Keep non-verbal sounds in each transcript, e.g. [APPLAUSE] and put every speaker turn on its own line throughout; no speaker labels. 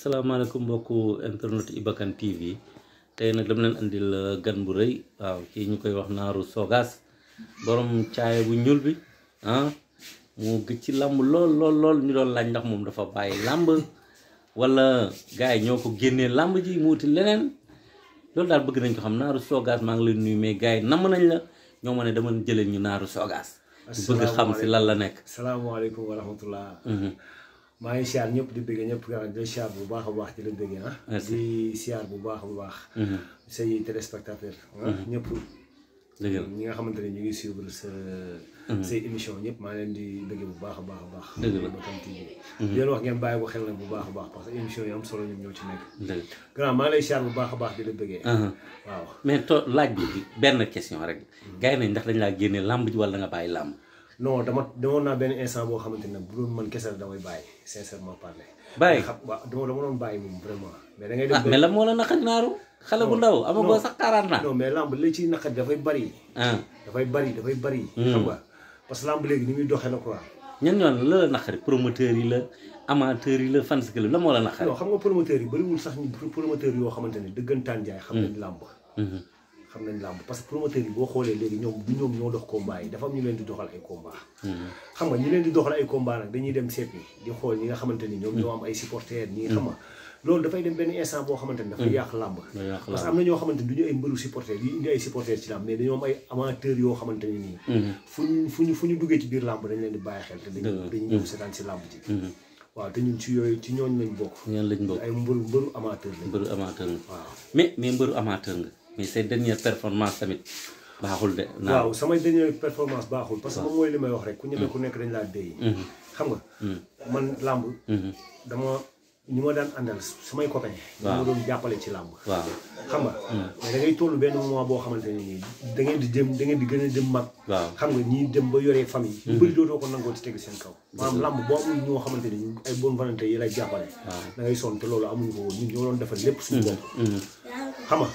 salaamaaleykum mbokku internet Iba Kane TV tey nag dama leen andil uh, gan bu rëy waaw kii ñu koy wax naaru Sogas borom caaya bu ñuul bi ah mu gëj ci làmb lool lool lool ñu doon laaj ndax moom dafa bàyyi làmb wala gars yi ñoo ko génnee làmb ji mu wuti leneen loolu daal bëgg nañ ko xam naaru Sogas maa ngi leen nuyu mais gars yi namm nañ la ñoo ma ne dama jëlee ñu naaru Sogas. bëgg xam si lan la nekk.
salaamaaleykum wa maa ngi siyaar ñëpp di bëgg ñëpp di siyaar bu baax a baax di la bëgg ah. di bu baax bu baax. Mhm. say téléspectateur. Ah. Mhm. ñëpp. dëgg ñi nga xamante ne ñu ngi suivre sa. Mhm. say émission ñëpp maa leen di bëgg bu baax a baax a baax. dëgg la Matam wax ngeen bàyyi ko xel nag bu baax a baax parce que émission yi am solo ñoom ñoo ci nekk. dëgg maa ngi lay siyaar bu baax a baax di la bëggee. waaw
mais to laaj bi benn question rek. gars yi ndax dañ laa génnee làmb ji wala nga bàyyi làmb.
non dama demoon naa benn instant boo xamante ne bu doon man kese la damay bàyyi sincèrement parler. bàyyi dama dama bàyyi moom vraiment. mais da ngay dem ah, mais lan moo la naqari naaru. sax kaaraan mais lamb li ci naqari ah. dafay bari. dafay bari dafay hmm. bari. xam nga parce que lamb léegi ni muy doxee na quoi.
ñan ñoon la la naqari promoteurs yi la amateurs yi la fans club la moo la naqari. non xam
nga promoteurs yi bëriwul sax ñu promoteurs yoo xamante ne dëggantaan jaay. xam nañ hmm. lamb. Hmm. xam nañ làmb parce que promoteur yi boo xoolee léegi ñoom du ñoom ñoo dox combat yi dafa am ñu leen di doxal ay combat mm-hmm. xam nga ñi leen di doxal ay combat nag nga xamante ni ñoom ñoo am ay mm-hmm. loolu dafay dem benn instant boo xamante ni dafa mm-hmm. yàq làmb parce que am na ñoo xamante ni du ñu yi indi ay supporter ci làmb mais dañoo ni nii ñu fu ñu duggee ci biir làmb dañ leen di bàyyi xel te dañ dañu ñëw seetaan si làmb ji waaw te ñun ci bokk ñooñ
lañ bokk ay mbëru mbëru
nga waaw
mais mais mbëru amateur nga mais say dernière performance tamit baaxul de. waaw
samay dernière performance baaxul. parce que moom mooy li may wax rek ku ñeme mm. ku nekk dañ laa dee. Mm-hmm. xam nga. Mm-hmm. man làmb. Mm-hmm. dama ñu ma daan àndal samay copain. waaw ma doon jàppale ci làmb. waaw xam nga. Mm. mais da ngay boo xamante ne da ngeen di jëm da ngeen di gën a dem mag. waaw xam nga ñii dem ba yoree famille. ñu bëri dootoo ko nangoo ci teg seen kaw. maanaam làmb boo amul ñoo xamante ne ay bonne volonté yi lay jàppale. da ngay te loolu amuñu ko woon ñoo doon defal lépp suñu bopp. xam nga.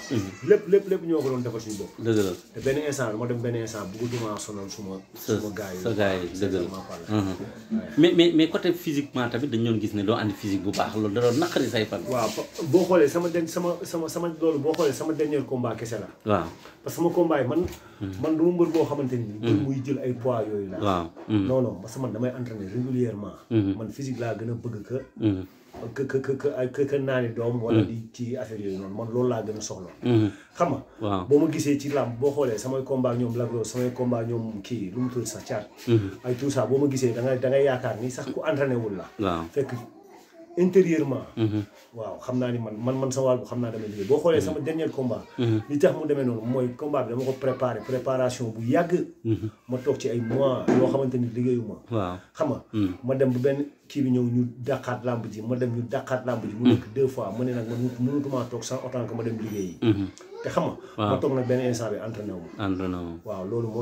lépp lépp lépp ñoo ko doon defal suñu bopp. dëgg la te benn instant bi dem benn instant bëggatuma sonal suma. suma gars yi sa
mhm. mais mais mais côté physiquement tamit dañu doon gis ne doo andi physique bu baax loolu da xoolee
sama den sama sama sama loolu boo xoolee sama dernier combat kese la. man. Mhm. man du ma boo xamante ni. mbër mhm. muy jël ay poids yooyu la. waaw non non parce que man damay entraîner régulièrement man physique laa gën a bëgg que. que que que que que naani doom. wala mm. di ci affaire yooyu noonu man loolu laa gën a soxla. Mm. xam nga. waaw boo ma gisee ci làmb boo xoolee samay combat ñoom Lac Rose samay combat ñoom kii lu mu tudd sax caat. Mm. ay tout ça boo ma gisee da ngay da ngay yaakaar ni sax ku entraîné wul la. waaw fekk intérieurement. Mm-hmm. waaw xam naa ni man man man sama wàll xam naa damay liggéey boo xoolee mm-hmm. sama dernier combat. Mm-hmm. li tax mu demee noonu mooy combat bi dama ko préparé préparation bu yàgg. ma toog ci ay mois yoo xamante ni liggéeyuma. waaw xam nga. ma dem ba benn. kii bi ñëw ñu dàqaat làmb ji ma dem ñu dàqaat làmb ji. mu mm. nekk deux fois ma ne nag man mënutuma toog sans autant que ma dem liggéeyi. Mm-hmm. te xam nga. ma toog nag benn instant bi entraîné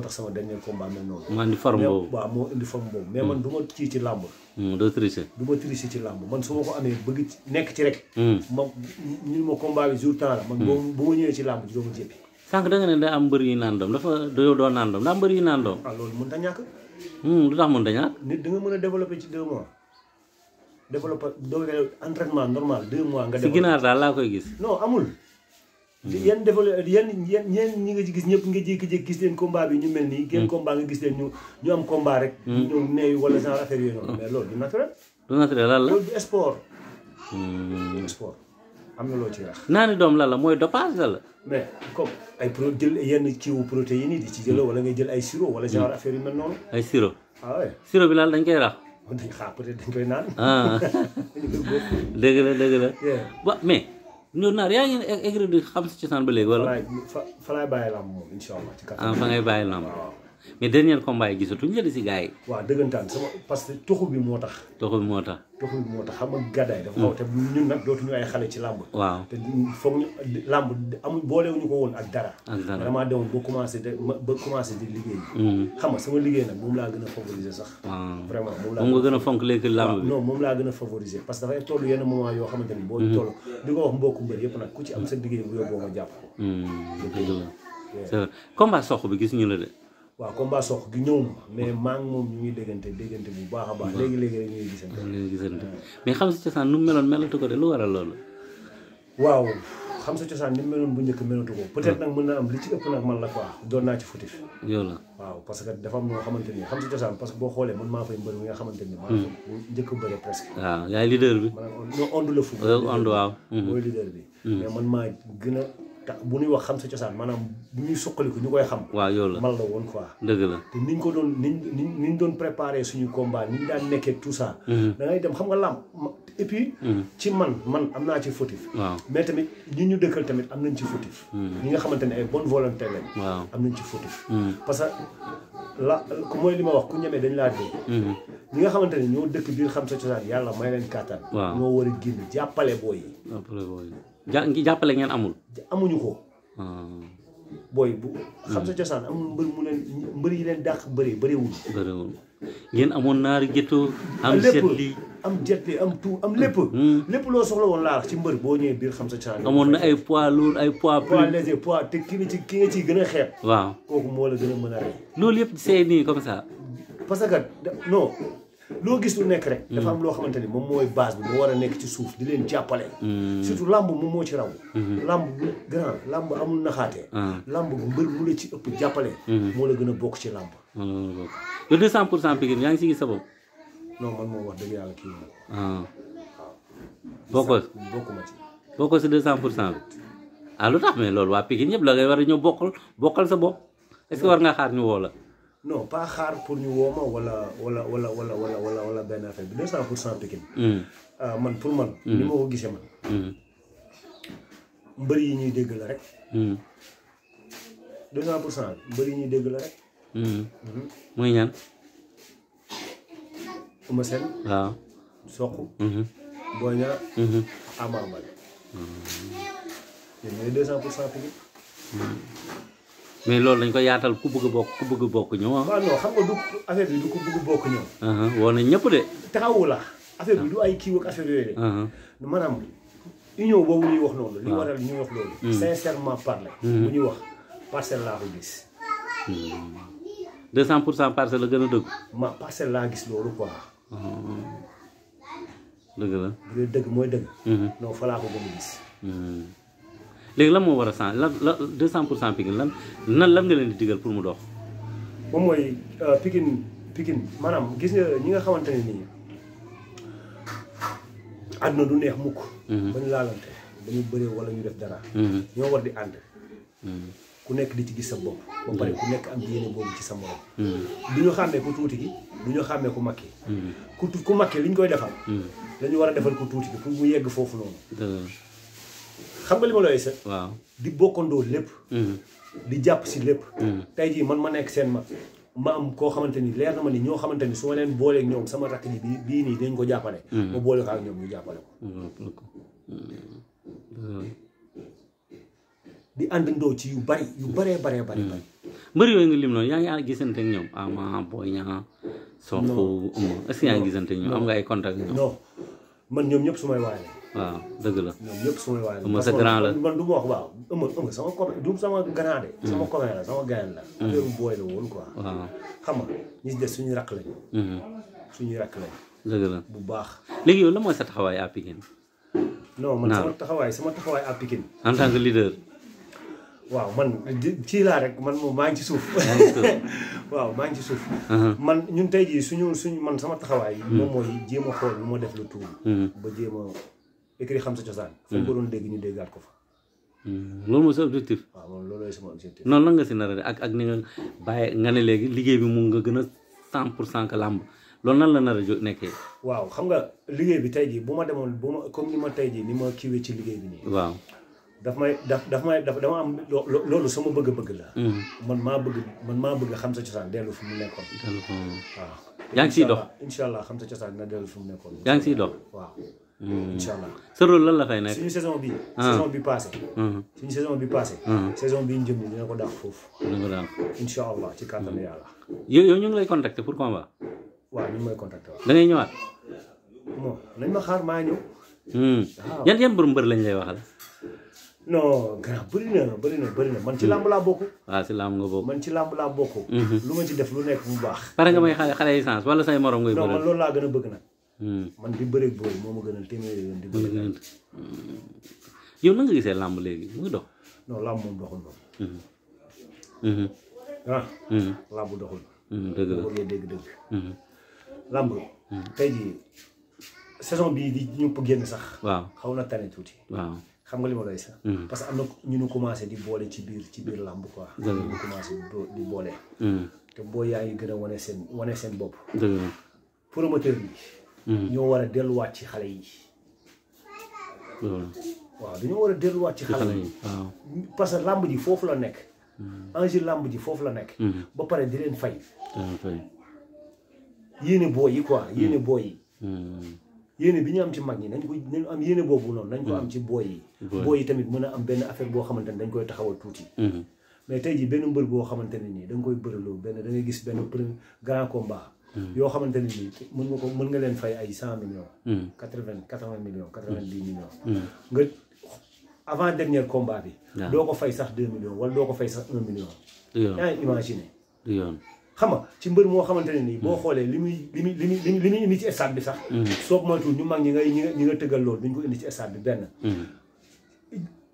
tax sama dernier combat mel noonu. maa indi forme boobu mais waaw moo indi forme boobu. mais man mm. du ma ci ci làmb. Mm, doo tricher. du tricher ci làmb man su ko amee bëgg nekk ci rek. ma ñu ma combat bi jour temps la. man boo bu ma ñëwee ci làmb ji doo ma jéppi.
sànq da nga ne daa am mbër yu naan doom dafa doo doo naan doom daa mbër yu naan doom.
ah loolu a ñàkk. lu tax mënut a da nga mën a développer ci deux mois développé doo entraînement normal deux mois nga. si ginaar daal laa koy gis. non amul. Mm. yan développé yan yan ñi nga gis ñëpp nga jékki-jékki gis leen combat bi ñu mel nii. Mm. combat nga gis ñu ñu am combat rek. Mm. ñu wala genre affaire yooyu noonu. mais loolu du naturel. du naturel la du sport. sport am lo ci wax.
naani doom lan la mooy dopage la
mais comme ay pro jël di ci wala ngay jël ay sirop wala genre affaire yu mel ay sirop. ah
sirop dañ xaar peut-être dañ koy naan. dëgg la dëgg la. [LAUGHS] wa mais. ñoo naar di xam si cosaan ba léegi wala.
fa fa laay bàyyi moom incha allah. ci kàttan ah
mais dernier combat yi gisatuñ la si gars yi.
waaw dëggantaan sama parce que toxu bi moo tax.
toxu bi moo tax.
xam nga gàddaay. dafa xaw hmm. te ñun nag dootuñu ay xale ci làmb. waaw ñu làmb ko woon ak dara. ak dara vraiment demoon ba commencé de ba commencé di liggéey. Hmm. xam nga sama liggéey nag laa gën a favoriser sax. vraiment moom laa gën a fonk léegi làmb bi non moom laa gën a favoriser parce que dafay toll yenn moment yoo xamante ni. boo hmm. toll di ko wax mbokku mbër yëpp nag ku ci am sa liggéey bu yóbboo nga jàpp ko.
dëgg sox bi gis ñu la de
waaw combat sox gi ñëw ma mais maa ngi moom ñu ngi déggante déggante bu baax a baax léegi léegi rek
gisante. mais xam sa cosaan nu meloon meloon
bu njëkk melatu ko. peut-être nag mën na am li ci ëpp nag man la quoi doon naa ci futif. yow la waaw parce que dafa am ñoo xamante xam sa cosaan parce que boo xoolee man maa fay mbër mi nga xamante ni. maa hmm. njëkk a bëre presque.
waaw yaay leader bi. maanaam on on la fu. ondu waaw. Hmm. mooy leader
bi. Hmm. mais te bu ñuy wax xam sa cosaan maanaam bu ñuy suqaliku ñu koy xam. waaw yow la mal la woon quoi. dëgg la te niñ ko doon niñ niñ doon préparé suñu combat niñ daan nekkee tout ça. Mhm. da dem xam nga làmb et puis. Mhm. man man am naa ci fautif. mais tamit ñi ñu dëkkal tamit am nañ ci fautif. Mhm. ñi nga xamante ne ay bonne volonté lañ. am am nañ ci fautif. parce que la mooy li ma wax ku ñemee dañ laa dégg. ñi nga xamante ne ñoo dëkk biir xam sa cosaan yàlla may leen kàttan. waaw ñoo war a génn jàppale booy yi.
jàppale booy yi. ja jàppale ngeen amul. amuñu ko. Ah.
boy, bu. Hmm. xam sa cosaan amul mbër mu leen mbër yi leen dàq bëree bëriwul.
bëriwul ngeen amoon naari gétto. am set am lepu li
am tout am lépp. Hmm. Hmm. lépp loo soxla woon laa ci mbër boo ñëwee biir xam sa cosaan. amoon na ay
poids lourd ay poids. poids léger
poids te ki nga ci ki nga ciy gën a xeeb. waaw kooku moo la gën a mën a rey. loolu comme ça. parce que non. loo gis lu nekk rek. Mm. dafa loo xamante ni moom mooy base bi mu war a nekk ci suuf di leen jàppale.
Mm. surtout
làmb moom moo ci raw. Mm-hmm. làmb bu grand làmb amul naxaatee. Ah. làmb bu mbër mu la ci ëpp jàppale. Mm-hmm. moo la gën a bokk ci làmb.
loolu pour cent Pikine ngi si gis sa bopp.
non man moom wax dëgg yàlla kii
moom. waaw. Ah. ci. bokkoo si deux cent pour cent bi. ah lu loolu waa Pikine ñëpp la ngay war a ñëw bokkal bokkal sa bopp est-ce war nga xaar ñu woo la.
No, pa xaar pour ñu woma wala wala wala wala wala wala wala ben affaire bi 200% cent pour mm. euh, man pour man mm. ni mo ko man hmm yi ñi dégg la rek hmm 200% pour ñi dégg la rek
mm. mm-hmm. muy ñaan
Eumeu Sène waaw Sokh mm-hmm. Boy Niang hmm Baldé ñoom mm-hmm. ñooy deux cent pour
mais loolu lañ ko yaatal ku bëgg bokk ku bëgg a bokk ñëw ah. waaw
non xam nga du affaire bi du ku bëgg bokk ñëw.
Uh-huh. woo nañ ñëpp de.
taxawu la affaire bi ah. du ay kii ak affaire yooyu de. Uh-huh. maanaam union boobu ñuy wax noonu. li ah. waral ñuy wax loolu. Mm. sincèrement parler. Mm-hmm. bu ñuy wax parcelle laa ko
mm. pour cent parcelle la gën a dëgg.
ma parcelle laa gis loolu quoi.
Uh-huh. dëgg la.
dëgg mooy dëgg. Mm-hmm. non fa ko gën a gis.
Mm-hmm. léegi lan moo war a changé lan la 200 pour cent Pikine lan nan lan nga leen di digal pour mu dox.
moom mooy euh, Pikine Pikine maanaam gis nga ñi nga xamante ne nii àdduna du neex mukk. Mhm. ba ñu laalante dañu bëree wala ñu def dara. Mhm. ñoo war di ànd. Mhm. ku nekk di ci gis sa bopp. ba pare ku nekk am yéene boobu ci sa morom. du ñu xàmmee ku tuuti gi du ñu xàmmee ku makki. ku tu ku makki li ñu koy defal. dañu war a defal ku tuuti gi pour mu yegg foofu noonu. xam nga li set di bokkandoo lépp mhm. di jàpp si lépp mhm. tey jii man ma nekk seen ma ma am koo xamante ni leer na ma ni ñoo xamante ni su leen booleeg ñoom sama rakk ji bii nii dañ ko jàppale mhm. ma boole ak ñoom ñu jàppale
ko
di àndandoo ci yu bari yu baree baree bari bari
mbër yooyu nga lim yaa ngi a gisante ak ñoom ama booy ñaa soxu ëmb est-ce que gisante ñoom am nga ay contact ñoom non
man ñoom ñëpp su may waaye
waaw dëgg la ñoom ñëpp sumay waay la sa du
ma wax waaw ëmb ëmb sama copain du sama grand de sama copain la sama gayan la woon quoi xam nga ñi si des suñu rakk lañu
bu baax léegi yow la mooy sa taxawaay à Pikine
non man sama taxawaay sama taxawaay à Pikine en tant que leader waaw man ci laa rek man moom maa ngi ci suuf waaw maa ngi ci suuf man ñun tey jii suñu suñu man sama taxawaay moom mooy jéem a xool nu ma def lu tuur ba jéem écrit xam sa cosaan. fu ñu ko doon dégg ñu déggaat ko fa.
Hmm. loolu mooy sa objectif. waaw
moom loolu sama objectif.
noonu la nga si nar a ak ak ni nga bàyyi nga ne léegi liggéey bi mu nga gën a cent pour cent que làmb loolu nan la nar a nekkee.
waaw xam nga liggéey bi tey jii bu ma demoon bu ma comme ni ma tey jii ni ma kiiwee ci liggéey bi nii. waaw daf may daf daf may daf dama am loolu sama bëgg-bëgg la. Hmm. man maa bëgg man maa bëgg xam sa cosaan dellu fu mu nekkoon. waaw. yaa ngi siy dox incha allah xam sa cosaan dina dellu fu mu nekkoon. yaa ngi siy dox waaw. Insyaallah.
allah sa rôle lan la fay nekk suñu saison bi saison bi passé suñu
saison bi passé saison bi ñu dina ko daax foofu dina ko daax incha ci kàttan yàlla
yow yow ñu ngi lay contacter pour combat
waaw ñu may contacter da ngay ñëwaat bon nañ ma xaar maa ñëw
yan yan mbër mbër lañ lay waxal
non grand bëri na bëri na bëri na man ci làmb laa bokk
waaw ci nga man
ci ci def lu Hmm. man di bëreeg boobu moo ma gënal téeméeri yoon di bëreeg. Hmm.
yow gisee làmb léegi mu ngi dox.
non làmb moom doxul moom. Hmm. ah. làmb doxul. làmb. tey jii saison bii di ñu génn sax. waaw xaw na tane tuuti. waaw xam nga li ma doy sax. parce que am na ñu nu commencé di boole ci biir ci biir làmb quoi. dëgg di boole. te boo yaa ngi gën a wane seen wane seen bopp. dëgg la promoteur bi. Hmm. ñoo war a delluwaat ci xale yi.
waaw dañoo war a delluwaat ci xale yi
parce que làmb ji foofu la nekk. Hmm. enjeu làmb ji foofu la nekk. Hmm. ba pare di leen fay. yéene booy yi quoi yéene booy yi. yéene bi ñu am ci mag ñi nañ ko nañ am yéene boobu noonu nañ ko am ci booy yi. booy yi tamit mën a am benn affaire boo xamante ne dañ koy taxawal tuuti. mais tey jii benn mbër boo xamante ne nii da koy bëraloo benn dangay gis benn koo combat. Hmm. yoo xamante ne nii mën nga ko mën nga leen fay ay cent millions. Hmm. quatre vingt quatre vingt millions quatre vingt dix hmm. millions. nga avant dernier combat bi. doo ko fay sax deux millions wala doo ko fay sax un million. yaa ngi imaginer. xam nga ci mbër moo xamante ne nii. boo xoolee li muy li muy li muy indi ci stade bi sax. soog moytuwul ñu mag ñi ngay ñi nga ñi nga tëggal loolu duñ ko indi ci stade bi benn.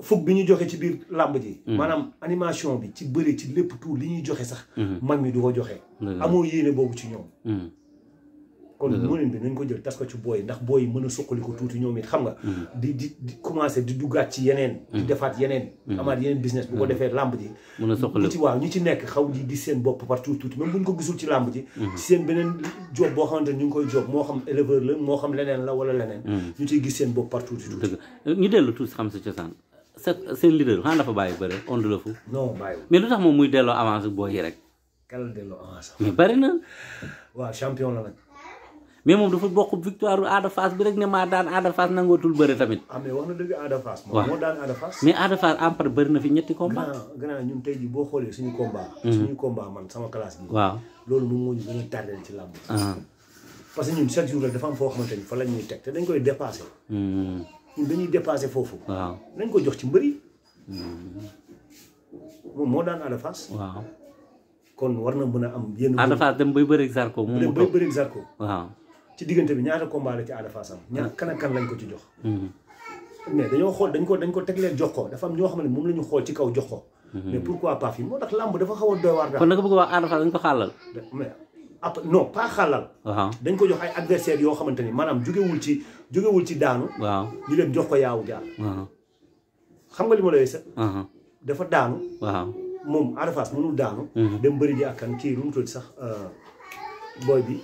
fukk bi ñu joxe ci biir làmb ji. Mm. maanaam animation bi ci bëre ci lépp tout li ñuy joxe sax. Mm-hmm. mag mi du ko joxe. Mm-hmm. Mm-hmm. amoo yéene boobu ci ñoom. kon mëneen bi nañ ko jël tas ko ci booy ndax booy mën a suqali ko tuuti ñoom it xam nga. di di di commencé di duggaat ci yeneen. defaat yeneen. amaat yeneen business bu ko defee làmb ji. mën a suqali ko ñu ci nekk xaw di gis seen bopp partout tuuti même ko gisul ci làmb ji. seen beneen job boo xamante ni ñu ngi koy job moo xam éleveur la moo xam leneen la wala leneen. ñu ciy gis seen bopp partout tuuti.
dëgg ñu dellu tuuti xam sa cosaan. sa seen leader xanaa dafa bàyyi bëre on le fou. non mais lu tax moom muy delloo avance booy yi rek.
kàlla delloo avance. mais bëri na. waaw champion la nag.
mais moom dafa bokk victoire Ada Fass bi rek ne maa daan Ada Fass nangootul bëre tamit.
Ah, mais wax na dëgg Ada Fass. waaw
moo daan fi ñetti combat.
boo xoolee suñu combat. Mhm. suñu combat man sama classe bi. waaw loolu moom moo ñu gën a tardé ci làmb. Ah. parce que ñun chaque jour rek dafa am foo xamante ni fa la ñuy teg te dañ koy dépassé.
Mhm.
dañuy dépassé foofu. waaw nañ ko jox ci mbëri. moo daan Ada Fass. waaw kon war na mën a am yenn. Ada
Fass dem bay bëreeg Zarko moom dem bay bëreeg Zarko. waaw
ci diggante bi ñaata combat ci Ada am. ñaata ah. kan ak kan lañ ko ci jox. Hmm. mais dañoo xool dañ ko dañ ko teglee jox ko dafa am ñoo xam ne moom la ñu xool ci kaw jox ko. Hmm. mais pourquoi pas fii moo tax làmb dafa xaw a doy waar. kon naka bëgg wax Ada dañ ko xàllal. après no pas xalal. dañ ko jox ay adversaires yoo xamante ni maanaam jógewul ci jógewul ci daanu. waaw ñu leen jox ko yaawu jaar. xam nga li ma lay sax. dafa daanu. moom Ada Fass mënul daanu. Mm-hmm. dem bëri ji ak kan kii lu sax euh, booy bi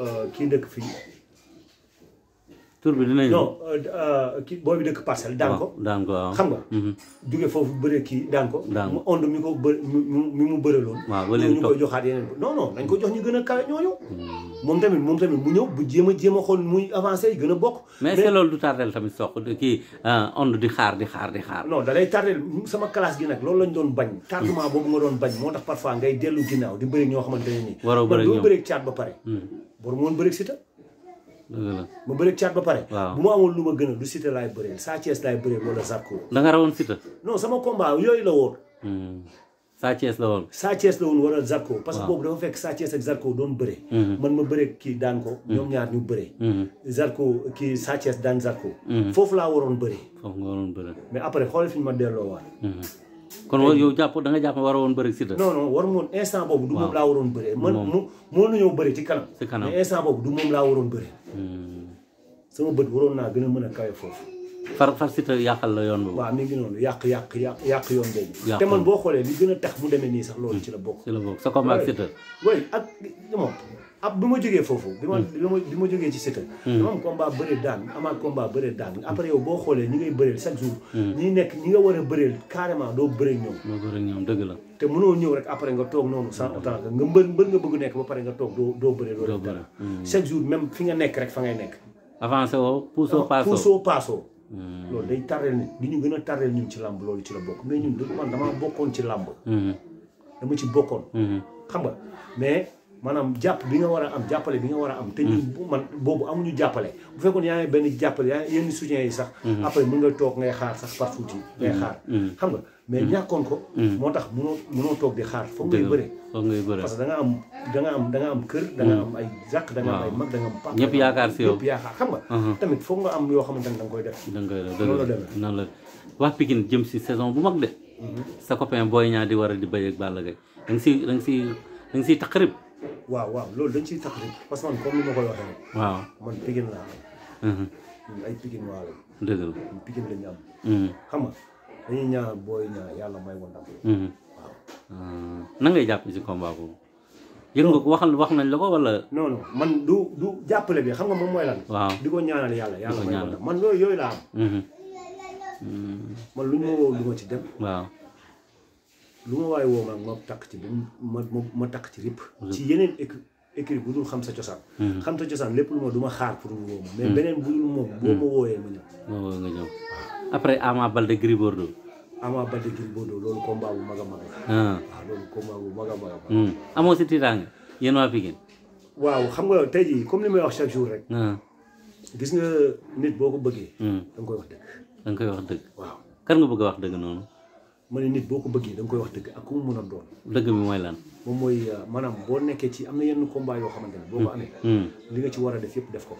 euh, kii ndëkk fii.
tour bi dinañ non
eh, eh, ki dango, bi dëkk parcelle daan ko dango, ko waaw xam nga jóge foofu bëre kii daan ko mu ond mi ko bë mi mu bëraloon waaw ba léegi ñu koy joxaat yeneen non non nañ ko jox ñu gën a kawe ñooñu moom tamit moom tamit mu ñëw bu jéem a jéem muy avancé gën a mais est-ce
du tardel tamit soq kii eh, ond di xaar di xaar di xaar non da
tardel sama classe gi nag loolu lañ doon bañ tardement hmm. boobu nga doon bañ moo tax parfois ngay dellu ginnaaw di bëri ñoo xamante ne nii waroo bëri ñoom doo bëri ba pare hmm. boru moon bëri si ta
ma
bëri caat ba pare. bu ma amoon lu ma gën a du Siteu laay bëreel Sa Thiès laay bëreel wala Zarko.
da nga rawoon Siteu.
non sama combat yooyu la woon.
Hmm. Sa Thiès la woon.
Sa Thiès la woon wala Zarko. parce que boobu dafa fekk Sa Thiès ak Zarko doon bëree. Hmm. man ma bëree kii daan ko. Hmm. ñoom ñaar ñu bëree. Zarko kii Sa Thiès daan Zarko. foofu laa waroon bëree.
foofu nga waroon bëree.
mais après xool fi ñu ma delloo waat.
kon yow jàpp da nga jàpp war a woon bëri Siteu non
non war moon instant boobu du moom laa waroon bëri man mu moo nañoo bëri ci kanam
ci kanam mais instant
boobu du moom laa waroon hmm. sama bët waroon naa gën a mën a kawe foofu
far far Siteu yàqal la yoon boobu
waaw mi ngi noonu yàq yàq yàq yàq yoon boobu te man boo xoolee li gën a tax mu demee nii sax loolu ci la bokk ci la sa combat ak Siteu oui ak moom ab ah, bi ma jógee foofu. Hmm. bi ma bi ma jógee ci Siteu. Hmm. dama am combat bëre daan amaat combat bëre daan hmm. après yow boo xoolee ñi ngay bëreel chaque jour. ñi nekk ñi nga war a bëreel carrément doo bëreel ñoom. doo
bëreel ñoom dëgg la.
te mënoo ñëw rek après nga toog noonu sans autant nga mbër mbër nga bëgg nekk ba pare nga toog doo doo bëreel. doo bëreel chaque jour même fi nga nekk rek fa ngay nekk. avancé woo puusoo ah, paasoo puusoo paasoo. loolu day tardeel nit li ñu gën a tardeel ñun ci làmb loolu ci la bokk mais ñun man damaa bokkoon ci làmb. dama ci bokkoon. xam nga mais maanaam jàpp bi nga war a am jàppale bi nga war a am te ñun mm. man boobu amuñu jàppale bu fekkoon yaa ngi benn jàppale yaa yenn soutien yi sax mm-hmm. après mën nga toog ngay xaar sax par tuuti mm-hmm. mm-hmm. xam nga mais ñàkkoon ko moo tax mënoo mënoo toog di xaar foog ngay bëre foog ngay bëre parce da nga am da nga am da am kër da nga mm. am ay jàq da nga am mag da nga am papa ñëpp yaakaar si yow ñëpp yaakaar xam nga uh-huh. tamit foog nga am yoo xamante ne da nga koy
def da nga koy def noonu la demee noonu la waa Pikine jëm si saison bu mag de sa copain booy ñaar di war a di bëre ak Balla Gaye da si da nga si da nga si taqrib
waaw waaw loolu dañ ciy tax rek parce man comme ni ma koy waxee waaw man Pikine laa am. Mhm. ñun ay Pikine waa lañ. Mhm. xam nga dañuy ñaan booy yàlla may ko ndam. Mhm.
waaw. Ah, ngay jàpp ci combat boobu. yëg wax nañ la ko wala.
non man du du jàppale bi xam nga moom mooy lan. di ko ñaanal yàlla yàlla may man loolu yooyu laa am. man lu ñu ma ci dem. waaw. lu ma waaye woo ma ma takk ci ba ma ma takk ci ripp ci yeneen écrit bu dul xam sa cosaan hmm. xam sa cosaan lépp lu ma du ma xaar pour woo ma mais hmm. beneen bu dul moom hmm. ma wooyee ma ñëw
ma woo nga ñëw après Ama Baldé Gris Bordeaux
Ama Baldé Gris loolu combat bu mag a mag la ah. waaw loolu bu mag a mag
amoo si tiitaange yéen waa
waaw xam nga tey jii comme li may wax chaque jour rek ah. gis nga nit boo ko bëggee da koy wax dëgg
da koy wax dëgg waaw kan nga bëgg wax dëgg noonu
ma ne nit boo ko bëggee da nga koy wax dëgg ak ku mu mën a doon. dëgg bi mooy lan. moom mooy euh, maanaam boo nekkee ci am na yenn combat yoo xamante ne. boo ko amee. Mm. li nga ci war a def yëpp def ko.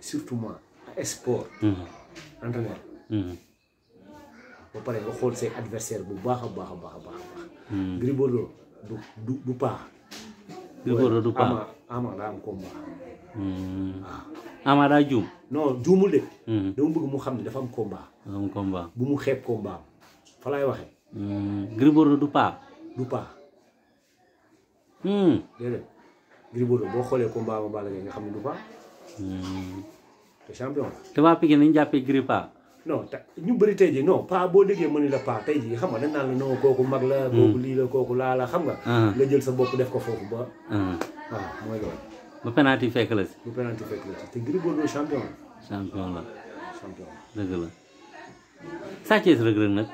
surtout mm. Mm. ba pare nga xool say adversaire bu baax a baax a baax a baax. Gris Bordeaux du baax du paax. Gris am combat. Ah. daa juum. non juumul de. dama bëgg mu xam ne dafa am combat. dafa am combat bu mu xeeb combat fa laay waxee. Euh,
Gris du paa. du paa.
Hmm. déedéet Gris boo xoolee combat ba Balla Gaye nga xam ne du paa.
Hmm. te champion la. te waa Pikine nañu jàppee Gris paa.
non te ñu bëri tey jii non la paa tey jii xam nga dañ naan la non kooku hmm. lii kooku laa la xam nga. Ah. nga jël sa boo bopp def ko foofu ba. waaw ah. ah, mooy loolu.
ba penalty fekk la si.
ba penalty fekk la si te Gris Bordeaux champion
la. Sa Thiès Reug Reug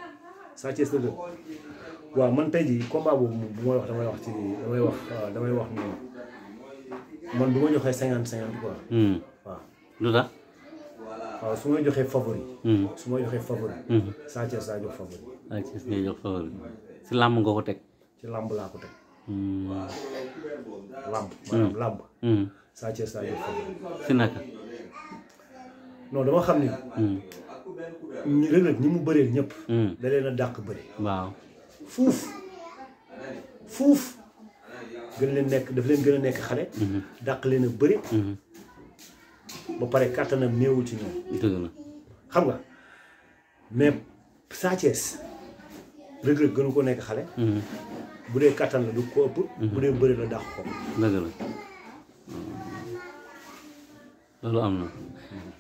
Sa Thiès la gën waaw man tey jii combat boobu moom bu may wax damay wax ci damay wax damay wax noonu man du ma joxee cinquante cinquante quoi. Hmm. waaw lu tax. waaw su ma joxee favori. Hmm. su ma joxee favori. Hmm. Sa Thiès laa jox favori.
Sa Thiès ngay jox favori si làmb nga ko teg.
ci làmb laa ko teg.
waaw làmb. Sa Thiès laa jox favori. si naka.
non dama xam ni. ñi rëgg mu bëree ñëpp. Hmm. da leen a dàq bëri. waaw fuuf fuuf gën leen nekk daf leen gën a nekk xale. Hmm. dàq leen a bëri. Hmm. ba pare kàttanam néewul ci ñoom. xam nga mais Sa Thiès Reug gënu ko nekk xale. bu dee kàttan la du ko ëpp. bu dee bëri la dàq ko.
loolu am na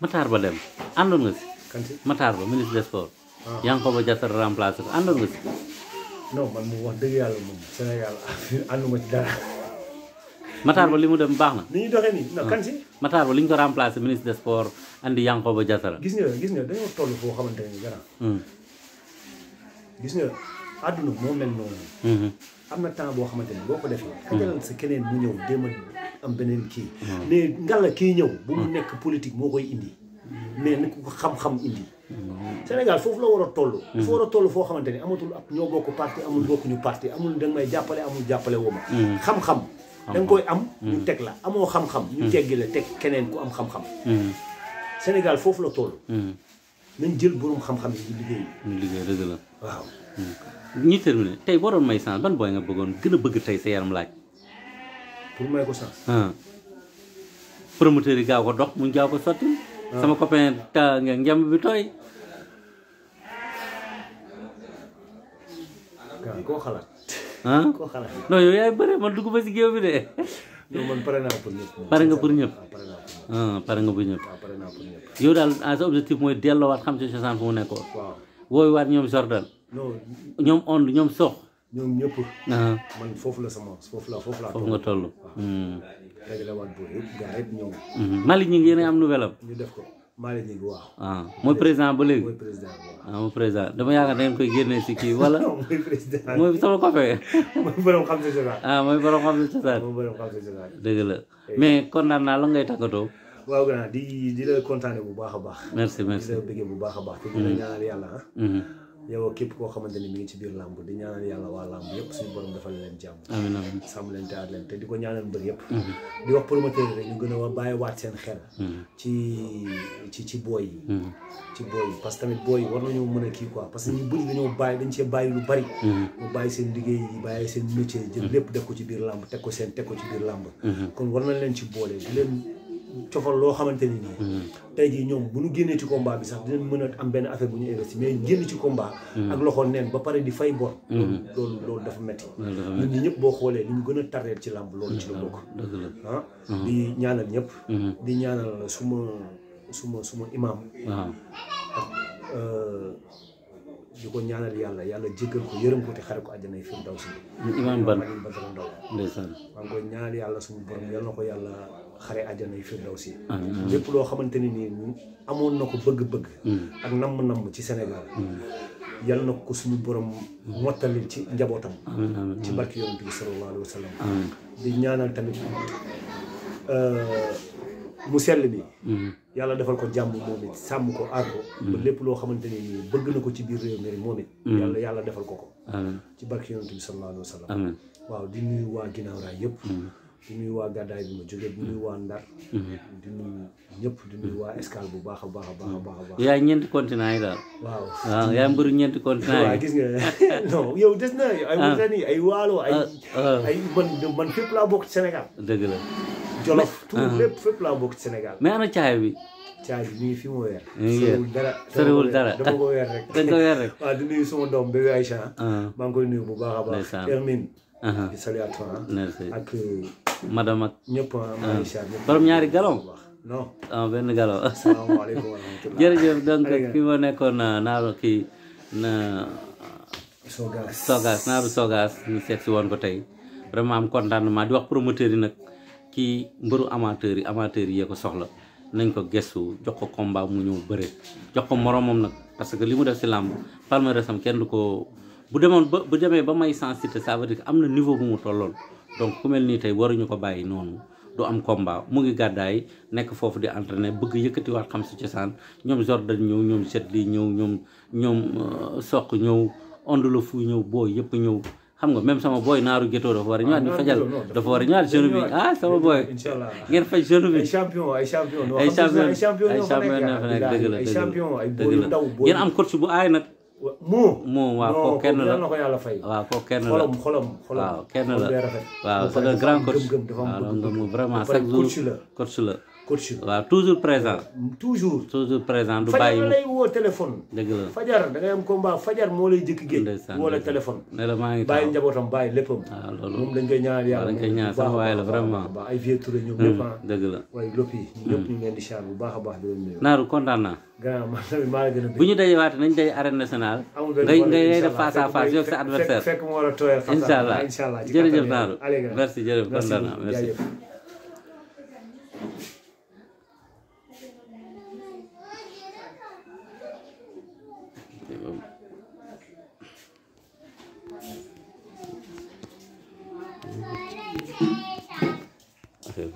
Matar ba dem àndoon nga Matar Ba ministre des sports. waaw Yankhoba Diattara remplacé ko àndoon nga si.
non man moom wax dëgg yàlla moom Sénégal ànduma ci dara. Matar Ba
li dem baax ni ñuy doxee nii kan si. Matar Ba li ñu ko remplacé ministre des sports andi Yankhoba Diattara. gis nga
gis nga dañoo toll foo xamante ne garaan. Hmm. gis nga àdduna moo mel noonu. am na temps boo xamante ne boo ko defee. xajalal sa keneen mu ñëw démb am beneen kii. mais ngalla kii ñëw. bu mu nekk politique moo koy indi. mais na ko xam-xam indi. Sénégal foofu la war a toll. dafa war a toll foo xamante ni amatul ab ñoo bokk parti amul ñu parti amul danga may jàppale amul jàppale woo ma. Mm-hmm. xam-xam da koy am. ñu mm-hmm. teg la amoo xam-xam. ñu mm-hmm. keneen ku am xam-xam. foofu la toll. nañ jël borom xam la waaw.
ñu terminé tey boo doon may sens ban booy nga bëggoon gën a bëgg tey sa yaram laaj.
pour may ko sens. Ah.
promoteur gaaw ko dox mu gaaw ko sotti. sama copain ta nga ngemb bi tooy.
koo
yaay bëre man dugg ba si géew bi de. non man pare naa pour ñëpp. pare nga pour ñëpp. ah nga pour ñëpp. yow daal sa objectif mooy delloowaat xam si cosaan fu mu nekkoon. waaw wooyuwaat ñoom Jordan. non ñoom ond ñoom sox.
ñoom ñëpp. foofu la sama foofu la foofu la. foofu dajalewaat boobu yëpp gaa yëpp ñëw. Mhm. Malick Gningue yéen am nouvelle def ko Malick Gningue waaw. waaw ah, mooy président ba léegi. mooy président
waaw ah, mooy président dama yaakaar da koy génnee si kii wala. [LAUGHS]
mooy président mooy sama copain. [LAUGHS] mooy borom xam sa cosaan. ah mooy
la eh. mais kontaan naa la ngay tàggatoo.
waaw gannaaw di di la bu baax a baax. merci merci bu baax a baax. te yow képp koo xamante ni mi ngi ci biir làmb di ñaanal yàlla waa làmb yëpp suñu borom defal leen jàmm sàmm leen te aar leen te di ko ñaanal mbër yëpp di wax promoteur yi rek ñu gën a bàyyi waat seen xel ci ci booy yi ci booy yi parce que tamit booy yi war nañoo mën a kii quoi parce que ñu bëri dañoo bàyyi dañ cee bàyyi lu bari mu bàyyi seen liggéey yi bàyyi seen métier jël lépp def ko ci biir làmb teg ko seen teg ko ci biir làmb kon war nañ leen ci boole di leen cofal loo xamante ni nii. tey jii ñoom bu ñu génnee ci combat bi sax dinañ mën a am benn affaire bu ñu investi mais génn ci combat. ak loxo neen ba pare di fay bor. Hmm. loolu loolu dafa metti ñun ñi ñëpp boo xoolee li ñu gën a tardeel ci làmb loolu ci la bokk. Hmm. ah hmm. di ñaanal ñëpp. di ñaanal suma suma suma imaam. Ah. Euh, di ko ñaanal yàlla yàlla jéggal ko yërëm ko te xare ko àjjana yi fi mu si. imaam ban imaam ban ndaw. ndeysaan maa ngi ñaanal yàlla suñu borom yal na ko yàlla. xare àjjana yi firdawsi lépp loo xamante ni nii amoon na ko bëgg-bëgg mm. ak namm-namm ci Sénégal mm. yal na ko suñu borom mottalil ci njabootam ci barki yonent bi sallallahu alayhi wa di ñaanal tamit euh, mu sell bi mm. yàlla defal ko jàmm moom sàmm ko aar lépp loo xamante ne nii bëgg na ko ci biir réew mi moom defal ko ko ci barki yonent bi waaw di nuyu waa ginnaaw raay yëpp di nuyu gàddaay bi ma jógee di nuyu waa Ndar. Mhm. di nuyu ñëpp di waa bu baax a baax a baax a baax. yaay
ñeenti continent yi daal. waaw waaw ah, yaa mbëru ñeenti [LAUGHS] na ay
ah. Mauritanie ay Waalo ay. Ah, ay man man fépp laa bokk ci Sénégal. la. Jolof tout lépp fépp laa bokk ci Sénégal.
mu weer. soriwul dara
bu baax a baax. Hermine. di salué à madame ak ñëpp ah.
ñaari galon non ah, benn galon [LAUGHS] jërëjëf donc ki ma nekkoon ah, naaru kii na sogas naaru sogas ñu seet si woon ko tey vraiment am contentement di wax promoteur yi nag ki mbëru amateur yi amateur yee ko soxla nañ ko gestu jox ko combat mu ñëw bëre jox ko moromam nag parce que li mu def si làmb palmarès am kenn du ko bu demoon ba bu demee ba may sensibiliser ça di dire am na niveau bu mu tolloon donc ku mel nii tey waruñu ko bàyyi noonu du am combat mu ngi gàddaay nekk foofu di entraîné bëgg yëkkati yëkkatiwaat xam si cosaan ñoom Jordan ñëw ñoom Jet Li ñëw ñoom ñoom euh, soq ñëw Onde le ñëw booy yëpp ñëw xam nga même sama booy naaru gétoo ah, dafa war a war a ñëwaat jeune bi ah sama booy ngeen faj jeune ay champion ay champion ay champion ay champion ay champion ay champion ay champion ay champion ay champion ay champion ay champion ay champion ay champion ay champion ay champion ay champion ay ay moo moo waaw ko kenn la na ko fay waaw kenn la xolam
xolam xolam waaw kenn la waaw c'est le grand coach waaw ngëm vraiment chaque jour
coach la coach waaw toujours présent. toujours toujours présent du bàyyi
woo téléphone. dëgg la fajar da ngay am combat fajar moo lay jëkk géej. ndeysaan woo la téléphone. ne maa ngi bàyyi njabootam bàyyi léppam. waaw ah, loolu moom dañ koy ñaanal yàlla. waay la vraiment. ay vieux Touré ñoom ñëpp ah. dëgg waaye hmm. leen di char bu baax a baax di
naaru kontaan bu ñu dajee waate nañ daje arène nationale. amul benn problème ngay ngay def face à face yow sa adversaire. fekk fekk
mu a tooyal naaru merci jërëjëf kontaan naa merci とい